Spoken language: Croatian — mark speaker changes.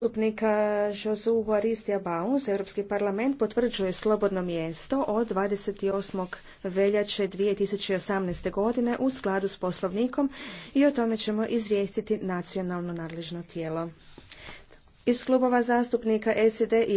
Speaker 1: zastupnika Josu Huaristija Baus, Europski parlament potvrđuje slobodno mjesto od 28. veljače 2018. godine u skladu s poslovnikom i o tome ćemo izvijestiti nacionalno nadležno tijelo. Iz klubova zastupnika SED i